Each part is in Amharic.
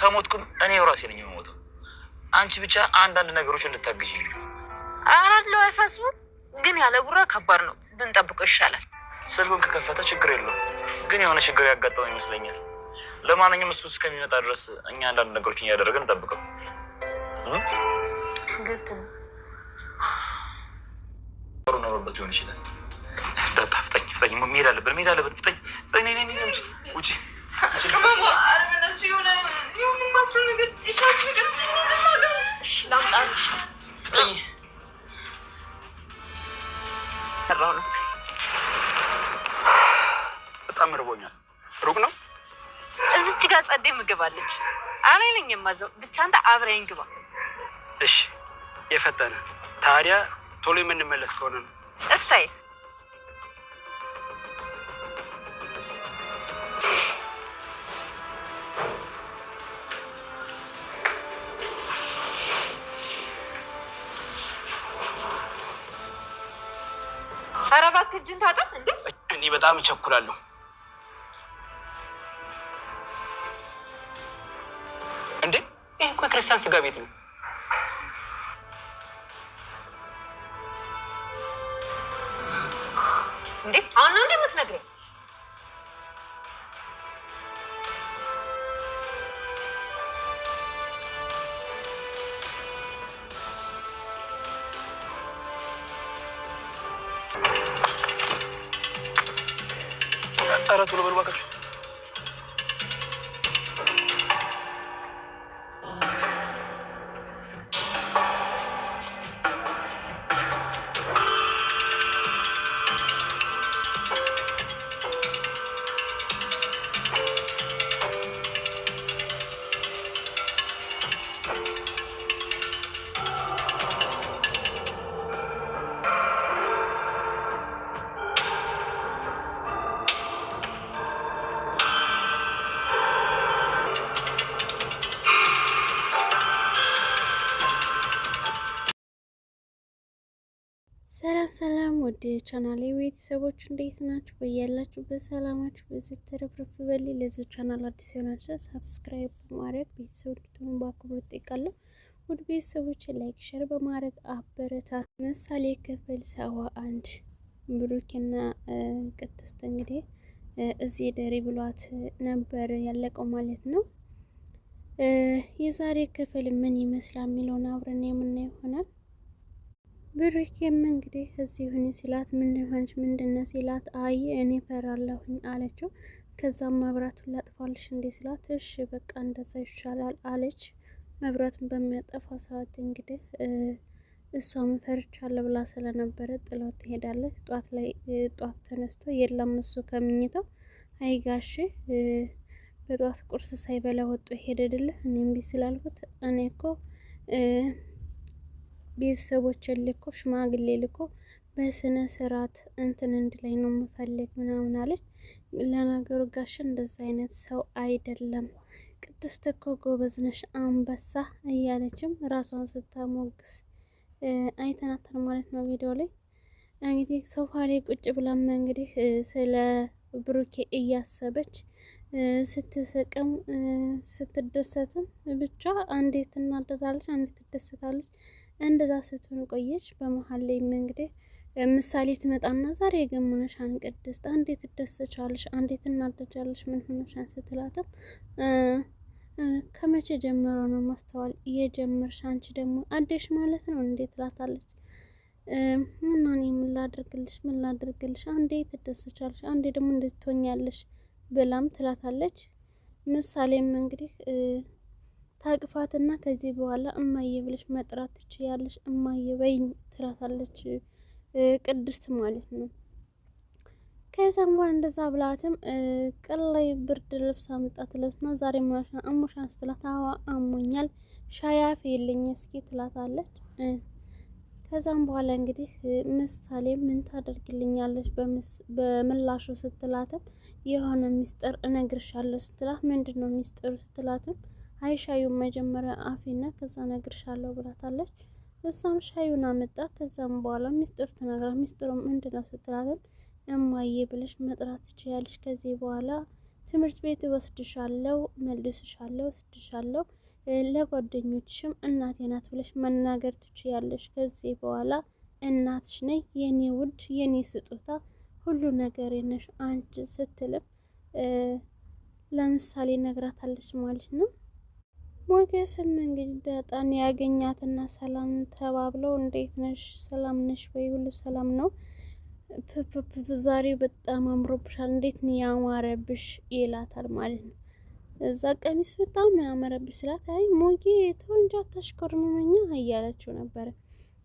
ከሞትኩም እኔ ራሴ ነኝ የምሞተው። አንቺ ብቻ አንዳንድ ነገሮች እንድታግዥ ይሉ አራለው ያሳስቡ። ግን ያለ ጉራ ከባድ ነው፣ ብንጠብቀው ይሻላል። ስልኩን ከከፈተ ችግር የለውም፣ ግን የሆነ ችግር ያጋጠመው ይመስለኛል። ለማንኛውም እሱ እስከሚመጣ ድረስ እኛ አንዳንድ ነገሮችን እያደረገን እንጠብቀው። ሩ ኖሮበት ሊሆን ይችላል። ፍጠኝ ፍጠኝ፣ መሄድ አለብን፣ መሄድ አለብን። ፍጠኝ ሄዳለብን፣ ሄዳለብን፣ ፍጠኝ ፍጠኝ ውጪ በጣም እርቦኛል። ሩቅ ነው። እዚች ጋር ጸዴ ምግብ አለች። እኔ ነኝ የማዘው። ብቻ አንተ አብረኝ ግባ። እሺ፣ የፈጠነ ታዲያ ቶሎ የምንመለስ ከሆነ ነው እስታይ ኧረ እባክህ እጅን ታጠብ እንዴ! እኔ በጣም እቸኩላለሁ። እንዴ ይህ እኮ የክርስቲያን ስጋ ቤት ነው። እንዴ አሁን ነው እንደምትነግረኝ ኧረ ቶሎ በሉ እባካችሁ ወደ ቻናሌ ቤተሰቦች እንዴት ናችሁ? በያላችሁበት በሰላማችሁ በዚህ ተረፍረፍ በሌ። ለዚህ ቻናል አዲስ የሆናችሁ ሰብስክራይብ በማድረግ ቤተሰቦች ትሆኑ በአክብሮት ጠይቃለሁ። ውድ ቤተሰቦች ላይክ፣ ሸር በማድረግ አበረታት። ምሳሌ ክፍል ሰባ አንድ ብሩክና ቅድስት እንግዲህ እዚህ ደሪ ብሏት ነበር ያለቀው ማለት ነው። የዛሬ ክፍል ምን ይመስላል የሚለውን አብረን የምናየው ይሆናል። ብሩኬም እንግዲህ እዚህ ሁኔ ሲላት ምን ሆንሽ ምንድን ነው ሲላት፣ አይ እኔ ፈራለሁኝ አለችው። ከዛም መብራቱን ላጥፋልሽ እንዴ ሲላት፣ እሺ በቃ እንደዛ ይሻላል አለች። መብራቱን በሚያጠፋ ሰዓት እንግዲህ እሷም ፈርቻለሁ ብላ ስለነበረ ጥለው ትሄዳለች። ጧት ላይ ጧት ተነስቶ የለም እሱ ከምኝተው አይጋሽ በጧት ቁርስ ሳይበላ ወጥቶ ሄደድለ እኔ ቢ ስላልኩት እኔ እኮ ቤተሰቦችን ልኮ ሽማግሌ ልኮ በስነ ስርዓት እንትን ላይ ነው የምፈልግ ምናምን አለች። ለነገሩ ጋሽ እንደዛ አይነት ሰው አይደለም። ቅድስት እኮ ጎበዝ ነሽ አንበሳ እያለችም ራሷን ስታሞግስ አይተናተን ማለት ነው። ቪዲዮ ላይ እንግዲህ ሶፋ ላይ ቁጭ ብላም እንግዲህ ስለ ብሩኬ እያሰበች ስትስቅም ስትደሰትም ብቻ አንዴ ትናደዳለች፣ አንዴ ትደሰታለች። እንደዛ ስትሆን ቆየች። በመሀል ላይ እንግዲህ ምሳሌ ትመጣና ዛሬ ግን ምን ሆነሻን ትደሰቻለሽ፣ አንዴ ትናደጃለሽ፣ ምን ሆነሻን ስትላትም ከመቼ ጀምሮ ነው ማስተዋል እየጀመርሽ አንቺ ደግሞ አደሽ ማለት ነው እንዴት ትላታለች። እና እኔ ምን ላድርግልሽ ምን ላድርግልሽ፣ አንዴ ትደሰቻለሽ፣ አንዴ ደግሞ እንደዚህ ትሆኛለሽ ብላም ትላታለች። ምሳሌም እንግዲህ ታቅፋትና ከዚህ በኋላ እማዬ ብለሽ መጥራት ትችያለሽ፣ እማዬ በይኝ ትላታለች ቅድስት ማለት ነው። ከዛም በኋላ እንደዛ ብላትም ቅላይ ብርድ ልብስ አምጣ ትለብስና ዛሬ ምናሽና አሞሻን ስትላት አዋ አሞኛል፣ ሻያፍ የለኝ እስኪ ትላታለች። ከዛም በኋላ እንግዲህ ምሳሌ ምን ታደርግልኛለች በምላሹ ስትላትም የሆነ ሚስጥር እነግርሻለሁ ስትላት ምንድን ነው ሚስጥሩ ስትላትም አይ ሻዩን መጀመሪያ አፌና ከዛ እነግርሻለሁ ብላታለች። እሷም ሻዩን አመጣ። ከዛም በኋላ ሚስጥር ትነግራ ሚስጥሩ ምንድን ነው ስትላትም እማዬ ብለሽ መጥራት ትችያለሽ። ከዚህ በኋላ ትምህርት ቤት ወስድሻለሁ፣ መልስሻለሁ፣ ወስድሻለሁ ለጓደኞችም እናቴ ናት ብለሽ መናገር ትችያለሽ። ከዚህ በኋላ እናትሽ ነኝ፣ የኔ ውድ፣ የኔ ስጦታ፣ ሁሉ ነገር ነሽ አንቺ ስትልም ለምሳሌ ነግራታለች ማለት ነው። ሞገስም እንግዲህ ዳጣን ያገኛትና ሰላም ተባብለው እንዴት ነሽ? ሰላም ነሽ ወይ? ሁሉ ሰላም ነው? ፕፕፕ ዛሬ በጣም አምሮብሻል፣ እንዴት ነው ያማረብሽ? ይላታል ማለት ነው። እዛ ቀሚስ በጣም ነው ያማረብሽ ስላት፣ አይ ሞጌ ተወንጃ ታሽኮርምመኛ እያለችው ነበረ።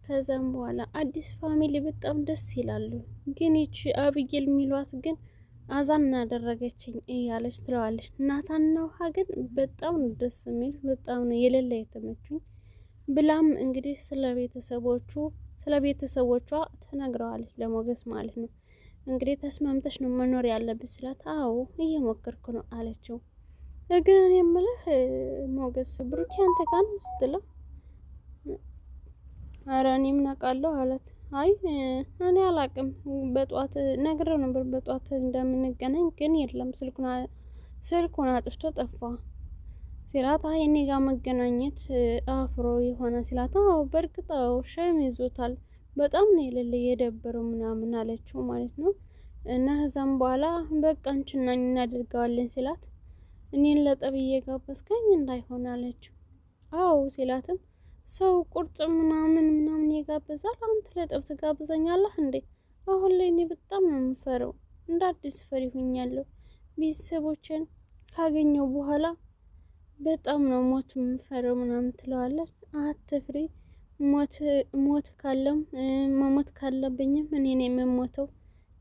ከዛም በኋላ አዲስ ፋሚሊ በጣም ደስ ይላሉ፣ ግን ይቺ አብጌል የሚሏት ግን አዛን እናደረገችኝ እያለች ትለዋለች። ናታንና ውሃ ግን በጣም ነው ደስ የሚል በጣም ነው የሌለ የተመቹኝ ብላም እንግዲህ ስለ ቤተሰቦቹ ስለ ቤተሰቦቿ ተነግረዋለች ለሞገስ ማለት ነው። እንግዲህ ተስማምተሽ ነው መኖር ያለብን ስላት፣ አዎ እየሞከርኩ ነው አለችው። ግን እኔ የምልህ ሞገስ ብሩኪ አንተ ጋር ነው ስትለው፣ ኧረ እኔ ምን አላት። አይ እኔ አላቅም። በጠዋት ነግረው ነበር በጠዋት እንደምንገናኝ ግን የለም ስልኩን አጥፍቶ ጠፋ ሲላት፣ አይ እኔ ጋር መገናኘት አፍሮ የሆነ ሲላት፣ አዎ በእርግጠው ሸም ይዞታል በጣም ነው የሌለ የደበረው ምናምን አለችው ማለት ነው። እና ከዛም በኋላ በቃ አንቺና እኔ እናደርገዋለን ሲላት፣ እኔን ለጠብ እየጋበዝከኝ እንዳይሆን አለችው። አዎ ሲላትም ሰው ቁርጥ ምናምን ምናምን ይጋብዛል። አንተ ለጠብ ትጋብዘኛለህ እንዴ? አሁን ላይ እኔ በጣም ነው የምፈረው። እንደ አዲስ ፈሪ ሆኛለሁ። ቤተሰቦችን ካገኘው በኋላ በጣም ነው ሞት የምፈረው ምናምን ትለዋለች። አትፍሪ፣ ሞት ካለም መሞት ካለብኝም እኔ ነው የምሞተው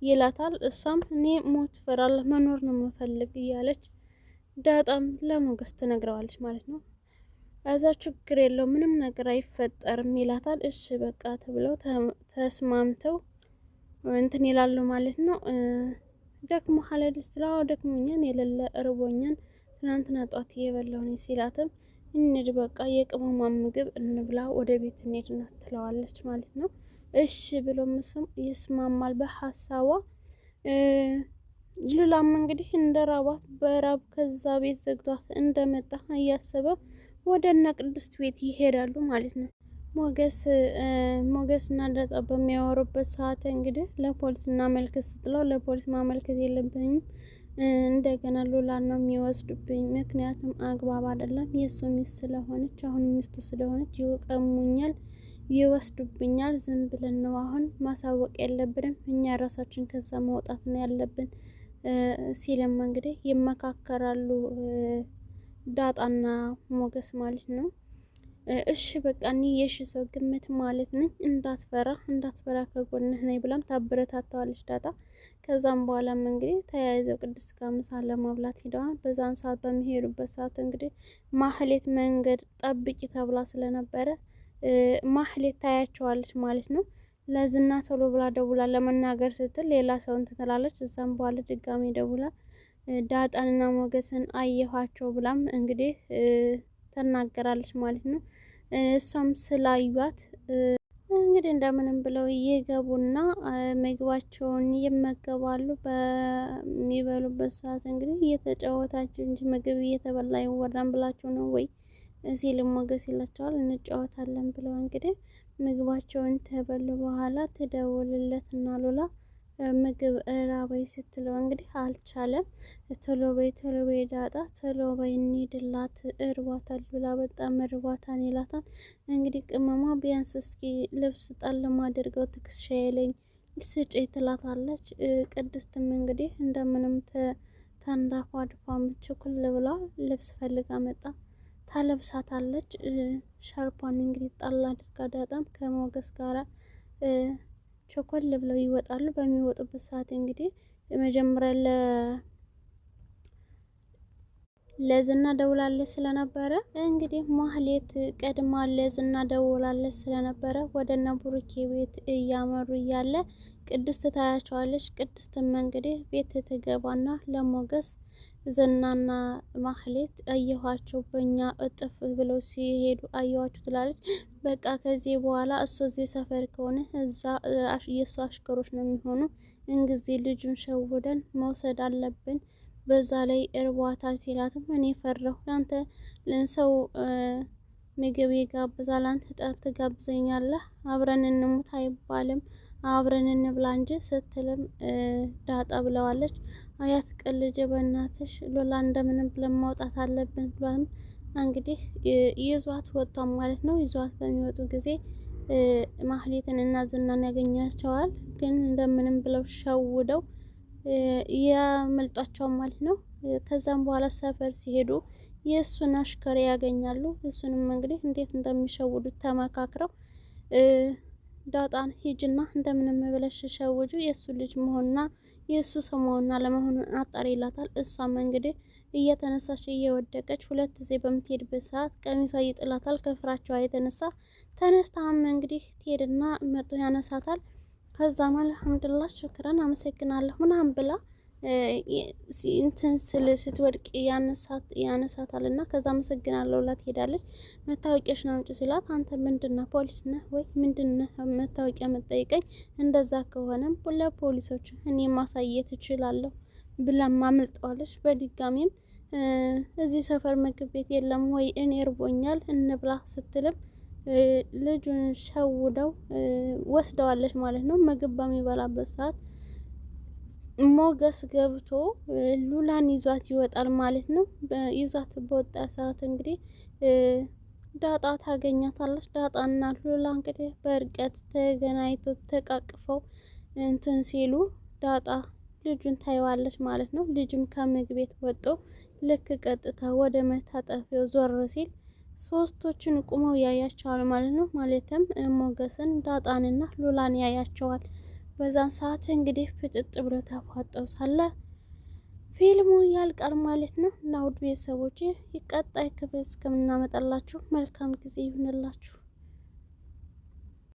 ይላታል። እሷም እኔ ሞት እፈራለሁ፣ መኖር ነው የምፈልግ እያለች ዳጣም ለሞገስ ትነግረዋለች ማለት ነው። እዛ ችግር የለው ምንም ነገር አይፈጠርም ይላታል። እሺ በቃ ተብለው ተስማምተው እንትን ይላሉ ማለት ነው። ደክሞሃል ሀለል ስለው ደክሞኛል፣ የሌለ እርቦኛን ትናንትና ጧት እየበላሁ ነው ሲላትም እንድ በቃ የቅመማ ምግብ እንብላ ወደ ቤት እንሄድ ናት ትለዋለች ማለት ነው። እሺ ብሎ ምስም ይስማማል በሀሳቧ። ሉላም እንግዲህ እንደ ራባት በራብ ከዛ ቤት ዘግቷት እንደመጣ እያሰበ ወደ እነ ቅድስት ቤት ይሄዳሉ ማለት ነው። ሞገስ ሞገስ እና ዳጣ በሚያወሩበት ሰዓት እንግዲህ ለፖሊስ እናመልክት ስትለው ለፖሊስ ማመልከት የለብኝም እንደገና ሉላ ነው የሚወስዱብኝ፣ ምክንያቱም አግባብ አይደለም። የእሱ ሚስት ስለሆነች አሁን ሚስቱ ስለሆነች ይቀሙኛል፣ ይወስዱብኛል። ዝም ብለን ነው አሁን ማሳወቅ የለብንም እኛ ራሳችን ከዛ መውጣት ነው ያለብን ሲለም እንግዲህ ይመካከራሉ። ዳጣና ሞገስ ማለት ነው። እሺ በቃ እኔ የሺ ሰው ግምት ማለት ነኝ፣ እንዳትፈራ እንዳትፈራ ከጎንህ ነኝ ብላም ታበረታታዋለች ዳጣ። ከዛም በኋላም እንግዲህ ተያይዘው ቅድስት ጋር ምሳ ለማብላት ሂደዋል። በዛን ሰዓት በሚሄዱበት ሰዓት እንግዲህ ማህሌት መንገድ ጠብቂ ተብላ ስለነበረ ማህሌት ታያቸዋለች ማለት ነው። ለዝና ቶሎ ብላ ደውላ ለመናገር ስትል ሌላ ሰውን ትተላለች። እዛም በኋላ ድጋሚ ደውላ ዳጣንና ሞገስን አየኋቸው ብላም እንግዲህ ተናገራለች ማለት ነው። እሷም ስላዩት እንግዲህ እንደምንም ብለው ይገቡና ምግባቸውን ይመገባሉ። በሚበሉበት ሰዓት እንግዲህ እየተጫወታችሁ እንጂ ምግብ እየተበላ ይወራን ብላችሁ ነው ወይ ሲል ሞገስ ይላቸዋል። እንጫወታለን ብለው እንግዲህ ምግባቸውን ተበሉ በኋላ እና ሉላ ምግብ ራበይ ስትለው እንግዲህ አልቻለም። ቶሎ በይ ቶሎ በይ ዳጣ ቶሎ በይ እንሂድላት እርቧታል ብላ በጣም እርቧታን ይላታል። እንግዲህ ቅመሟ ቢያንስ እስኪ ልብስ ጣል ማድርገው ትክሻ የለኝ ስጭ ትላታለች። ቅድስትም እንግዲህ እንደምንም ተንዳፏ ድፏም ችኩል ብላ ልብስ ፈልጋ መጣ ታለብሳታለች። ሻርፓን እንግዲህ ጣል አድርጋ ዳጣም ከሞገስ ጋራ ቸኮል ብለው ይወጣሉ። በሚወጡበት ሰዓት እንግዲህ መጀመሪያ ለ ለዝና ደውላለች ስለነበረ እንግዲህ ማህሌት ቀድማ ለዝና ደውላለች ስለነበረ ወደነ ቡሩኬ ቤት እያመሩ እያለ ቅድስት ታያቸዋለች። ቅድስትም እንግዲህ ቤት ትገባና ለሞገስ ዝናና ማህሌት አየኋቸው በእኛ እጥፍ ብለው ሲሄዱ አየኋቸው ትላለች። በቃ ከዚህ በኋላ እሱ እዚህ ሰፈር ከሆነ እዛ የእሱ አሽከሮች ነው የሚሆኑ። እንጊዜ ልጁን ሸውደን መውሰድ አለብን። በዛ ላይ እርቧታ ሲላትም እኔ ፈረሁ። ለአንተ ሰው ምግብ ይጋብዛል፣ አንተ ጠብ ትጋብዘኛለህ። አብረን እንሙት አይባልም፣ አብረን እንብላ እንጂ ስትልም ዳጣ ብለዋለች። አያት ቀልጄ በእናትሽ ሎላ እንደምንም ብለን ማውጣት አለብን ብሏል። እንግዲህ ይዟት ወጥቷል ማለት ነው። ይዟት በሚወጡ ጊዜ ማህሌትን እና ዝናን ያገኛቸዋል። ግን እንደምንም ብለው ሸውደው ያመልጧቸዋል ማለት ነው። ከዛም በኋላ ሰፈር ሲሄዱ የእሱን አሽከር ያገኛሉ። እሱንም እንግዲህ እንዴት እንደሚሸውዱት ተመካክረው ዳጣን ሂጅና እንደምንም ብለሽ ሸውጁ የእሱ ልጅ መሆንና የእሱ ሰማውና ለመሆኑ አጣሪ ይላታል። እሷም እንግዲህ እየተነሳች እየወደቀች ሁለት ጊዜ በምትሄድበት ሰዓት ቀሚሷ ይጥላታል። ከፍራቸዋ የተነሳ ተነስታም እንግዲህ ትሄድና መጥቶ ያነሳታል። ከዛም አልሐምዱላህ ሹክረን አመሰግናለሁ ምናምን ብላ እንትን ስል ስትወድቅ ያነሳታል እና ከዛ አመሰግናለሁ ላ ትሄዳለች። ነው አምጪ ሲላት አንተ ምንድን ነህ ፖሊስ ነህ ወይ ምንድን ነህ መታወቂያ መጠይቀኝ? እንደዛ ከሆነም ለፖሊሶች እኔ ማሳየት እችላለሁ ብላ ማምልጠዋለች። በድጋሚም እዚህ ሰፈር ምግብ ቤት የለም ወይ እኔ እርቦኛል እንብላ ስትልም ልጁን ሸውደው ወስደዋለች ማለት ነው ምግብ በሚበላበት ሰዓት ሞገስ ገብቶ ሉላን ይዟት ይወጣል ማለት ነው። ይዟት በወጣ ሰዓት እንግዲህ ዳጣ ታገኛታለች። ዳጣና ሉላ እንግዲህ በርቀት ተገናኝቶ ተቃቅፈው እንትን ሲሉ ዳጣ ልጁን ታይዋለች ማለት ነው። ልጁም ከምግብ ቤት ወጦ ልክ ቀጥታ ወደ መታጠፊያው ዞር ሲል ሶስቶችን ቁመው ያያቸዋል ማለት ነው። ማለትም ሞገስን፣ ዳጣንና ሉላን ያያቸዋል። በዛን ሰዓት እንግዲህ ፍጥጥ ብሎ ተፋጠው ሳለ ፊልሙ ያልቃል ማለት ነው። እና ውድ ቤተሰቦች ቀጣይ ክፍል እስከምናመጣላችሁ መልካም ጊዜ ይሁንላችሁ።